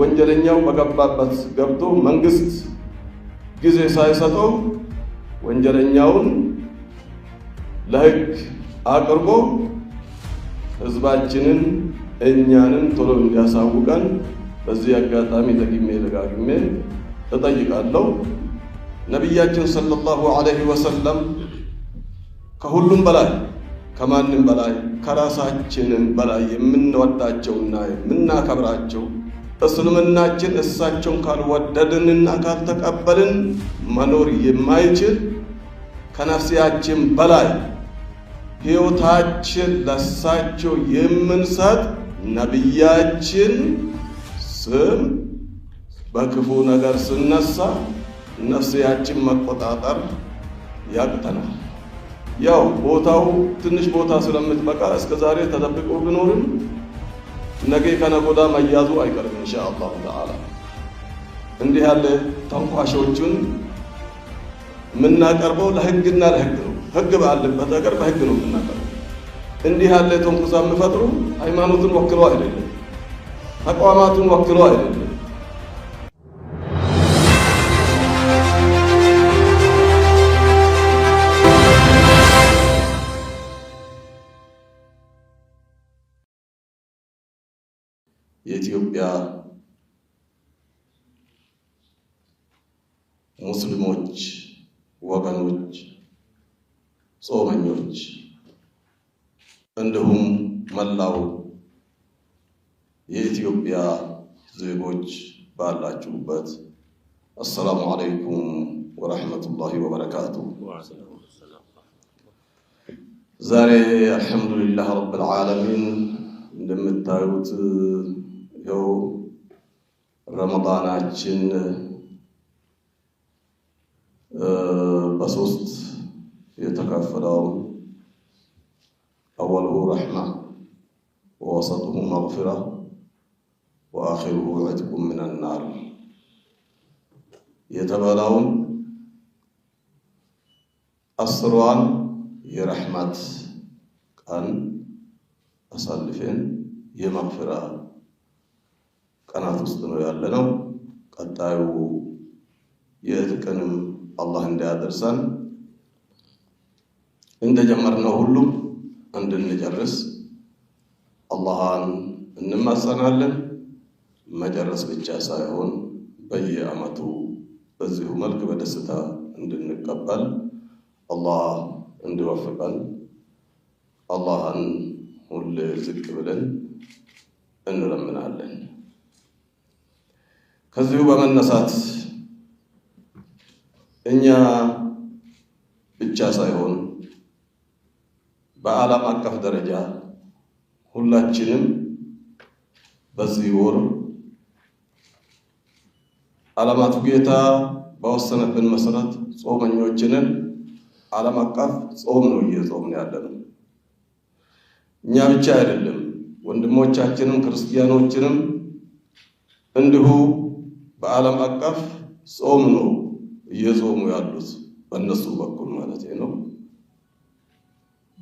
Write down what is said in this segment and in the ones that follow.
ወንጀለኛው በገባበት ገብቶ መንግስት ጊዜ ሳይሰጠው ወንጀለኛውን ለህግ አቅርቦ ህዝባችንን እኛንን ቶሎ እንዲያሳውቀን በዚህ አጋጣሚ ደግሜ ደጋግሜ እጠይቃለሁ። ነቢያችን ሰለላሁ ዐለይሂ ወሰለም ከሁሉም በላይ ከማንም በላይ ከራሳችንን በላይ የምንወዳቸውና የምናከብራቸው እስልምናችን እሳቸውን ካልወደድንና ካልተቀበልን መኖር የማይችል ከነፍስያችን በላይ ሕይወታችን ለሳቸው የምንሰጥ ነቢያችን ስም በክፉ ነገር ስነሳ ነፍስያችን መቆጣጠር ያቅተናል። ያው ቦታው ትንሽ ቦታ ስለምትበቃ እስከ ዛሬ ተጠብቆ ቢኖርም ነገ ከነገ ወዲያ መያዙ አይቀርም ኢንሻአላሁ ተዓላ። እንዲህ ያለ ተንኳሾቹን የምናቀርበው ለህግና ለህግ ነው። ህግ ባለበት ነገር በህግ ነው የምናቀርበው። እንዲህ ያለ ተንኩሳ የሚፈጥሩ ሃይማኖትን ወክሎ አይደለም፣ ተቋማቱን ወክሎ አይደለም የኢትዮጵያ ሙስሊሞች ወገኖች፣ ጾመኞች እንዲሁም መላው የኢትዮጵያ ዜጎች ባላችሁበት አሰላሙ አለይኩም ወረሕመቱላሂ ወበረካቱ። ዛሬ አልሐምዱሊላህ ረብል ዓለሚን እንደምታዩት ይኸው ረመዳናችን በሶስት የተከፈለው አወልሁ ረሕማ ወወሰጡሁ መግፊራ ወአኺሩሁ ዕትቁን ሚነናር የተበላውን አስሯን የረሕማት ቀን አሳልፌን የመግፊራ ቀናት ውስጥ ነው ነው። ቀጣዩ የእህት ቀንም አላህ እንዳያደርሰን እንደጀመርነው ሁሉም እንድንጨርስ አላህን እንማጸናለን። መጨረስ ብቻ ሳይሆን በየዓመቱ በዚሁ መልክ በደስታ እንድንቀበል አላህ እንዲወፍቀን አላህን ሁሌ ዝቅ ብለን እንለምናለን። ከዚሁ በመነሳት እኛ ብቻ ሳይሆን በዓለም አቀፍ ደረጃ ሁላችንም በዚህ ወር ዓለማቱ ጌታ በወሰነብን መሰረት ጾመኞችንን ዓለም አቀፍ ጾም ነው እየጾምን ያለነው። እኛ ብቻ አይደለም፣ ወንድሞቻችንም ክርስቲያኖችንም እንዲሁ በዓለም አቀፍ ጾም ነው እየጾሙ ያሉት በእነሱ በኩል ማለት ነው።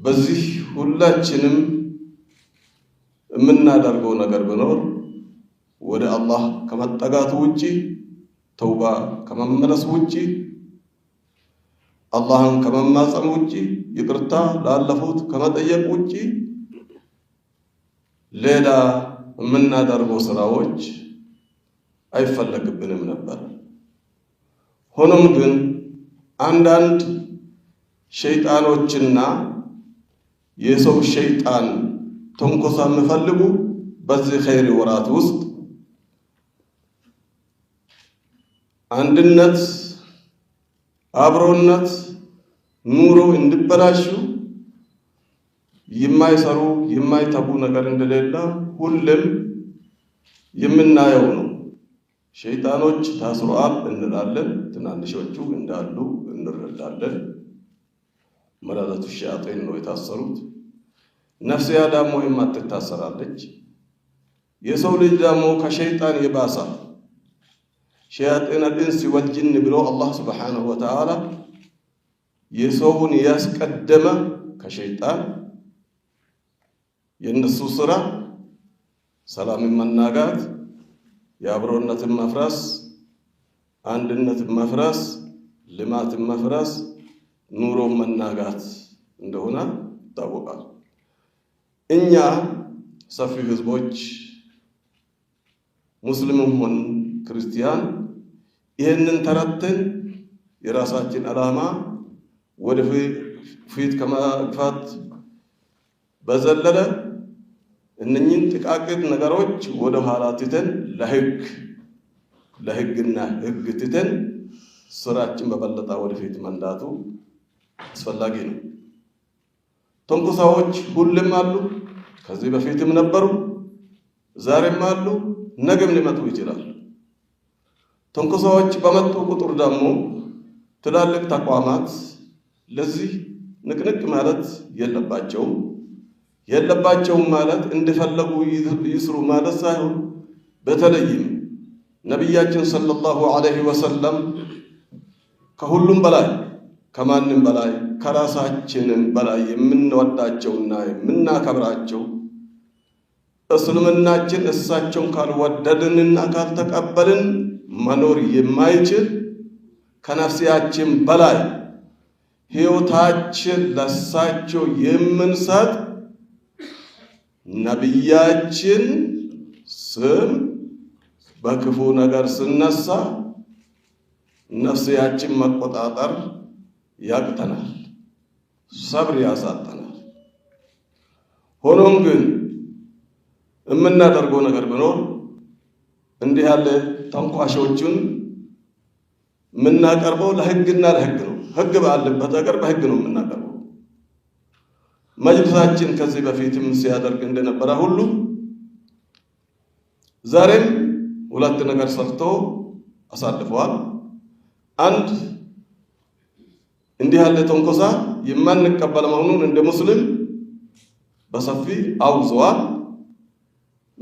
በዚህ ሁላችንም የምናደርገው ነገር ብኖር ወደ አላህ ከመጠጋቱ ውጪ ተውባ ከመመለስ ውጪ አላህን ከመማጸም ውጪ ይቅርታ ላለፉት ከመጠየቅ ውጪ ሌላ የምናደርገው ስራዎች አይፈለግብንም ነበር። ሆኖም ግን አንዳንድ ሸይጣኖችና የሰው ሸይጣን ተንኮሳ የምፈልጉ በዚህ ኸይር ወራት ውስጥ አንድነት፣ አብሮነት፣ ኑሮ እንዲበላሹ የማይሰሩ የማይተቡ ነገር እንደሌለ ሁሌም የምናየው ነው። ሸይጣኖች ታስሯል እንላለን። ትናንሾቹ እንዳሉ እንረዳለን። መላላቱ ሸያጤን ነው የታሰሩት። ነፍስያ ደግሞ የማትታሰራለች። የሰው ልጅ ደግሞ ከሸይጣን የባሳ ሸያጤን አልኢንስ ወልጅን ብሎ አላህ ስብሓነሁ ወተዓላ የሰውን ያስቀደመ ከሸይጣን የእነሱ ስራ ሰላምን መናጋት የአብሮነትን መፍረስ፣ አንድነትን መፍረስ፣ ልማትን መፍረስ፣ ኑሮ መናጋት እንደሆነ ይታወቃል። እኛ ሰፊ ህዝቦች ሙስሊምም ሆን ክርስቲያን ይህንን ተረትን የራሳችን ዓላማ ወደ ፊት ከመግፋት በዘለለ እነኚህን ጥቃቅን ነገሮች ወደ ኋላ ትተን ለህግ ለህግና ህግ ትተን ስራችን በበለጠ ወደፊት መንዳቱ አስፈላጊ ነው። ትንኮሳዎች ሁሌም አሉ፣ ከዚህ በፊትም ነበሩ፣ ዛሬም አሉ፣ ነገም ሊመጡ ይችላሉ። ትንኮሳዎች በመጡ ቁጥር ደግሞ ትላልቅ ተቋማት ለዚህ ንቅንቅ ማለት የለባቸውም። የለባቸውም ማለት እንደፈለጉ ይስሩ ማለት ሳይሆን በተለይም ነቢያችን ሰለላሁ ዐለይሂ ወሰለም ከሁሉም በላይ ከማንም በላይ ከራሳችንን በላይ የምንወዳቸውና የምናከብራቸው እስልምናችን እሳቸውን ካልወደድንና ካልተቀበልን መኖር የማይችል ከነፍስያችን በላይ ሕይወታችን ለሳቸው የምንሰጥ ነቢያችን ስም በክፉ ነገር ስነሳ ነፍስያችን መቆጣጠር ያቅተናል፣ ሰብር ያሳጠናል። ሆኖም ግን የምናደርገው ነገር ቢኖር እንዲህ ያለ ተንኳሾቹን የምናቀርበው ለሕግና ለሕግ ነው። ሕግ ባለበት ሀገር በሕግ ነው የምናቀርበው። መጅልሳችን ከዚህ በፊትም ሲያደርግ እንደነበረ ሁሉ ዛሬም ሁለት ነገር ሰርቶ አሳልፈዋል። አንድ እንዲህ ያለ ተንኮሳ የማንቀበል መሆኑን እንደ ሙስሊም በሰፊ አውግዘዋል።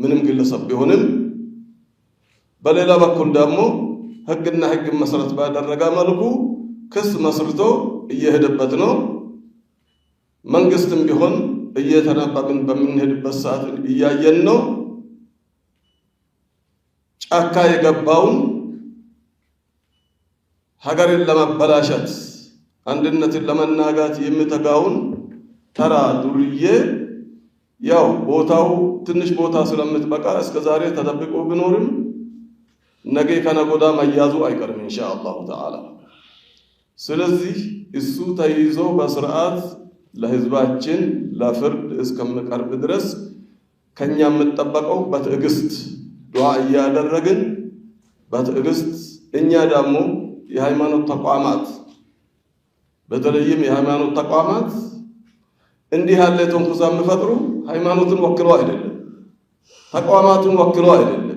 ምንም ግለሰብ ቢሆንም በሌላ በኩል ደግሞ ህግና ህግን መሰረት ባደረገ መልኩ ክስ መስርቶ እየሄደበት ነው። መንግስትም ቢሆን እየተናበብን በምንሄድበት ሰዓት እያየን ነው። ጫካ የገባውን ሀገርን ለማበላሸት አንድነትን ለመናጋት የሚተጋውን ተራ ዱርዬ ያው ቦታው ትንሽ ቦታ ስለምትበቃ እስከ ዛሬ ተጠብቆ ቢኖርም ነገ ከነጎዳ መያዙ አይቀርም ኢንሻአላሁ ተዓላ። ስለዚህ እሱ ተይዞ በስርዓት ለህዝባችን ለፍርድ እስከምቀርብ ድረስ ከኛ የምጠበቀው በትዕግስት ዱዓ እያደረግን በትዕግስት እኛ ደግሞ የሃይማኖት ተቋማት በተለይም የሃይማኖት ተቋማት እንዲህ ያለ ተንኮሳ የሚፈጥሩ ሃይማኖትን ወክለው አይደለም፣ ተቋማቱን ወክለው አይደለም።